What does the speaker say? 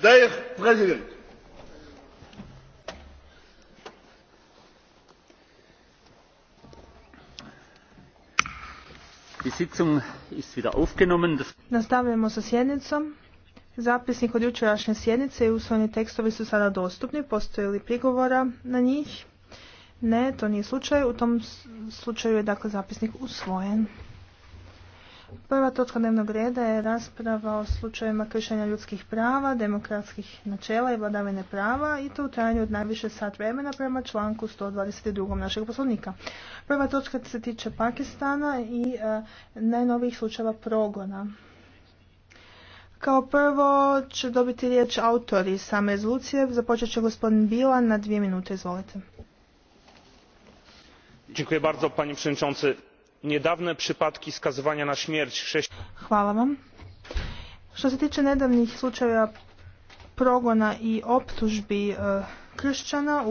Dear President, Nastavljamo sa sjednicom. Zapisnik od jučerašnje sjednice i usvojeni tekstovi su sada dostupni. Postoje li prigovora na njih? Ne, to nije slučaj. U tom slučaju je dakle zapisnik usvojen. Prva točka dnevnog reda je rasprava o slučajevima kršenja ljudskih prava, demokratskih načela i vladavine prava i to u trajanju od najviše sat vremena prema članku 122. našeg poslovnika. Prva točka se tiče Pakistana i e, najnovijih slučajeva progona. Kao prvo će dobiti riječ autori same rezolucije. Započet će gospodin Bila na dvije minute. Izvolite. Dziękuję bardzo, przewodniczący niedawne przypadki skazywania na śmierć Hvala vam. Što se tiče nedavnih slučajeva progona i optužbi e, kršćana u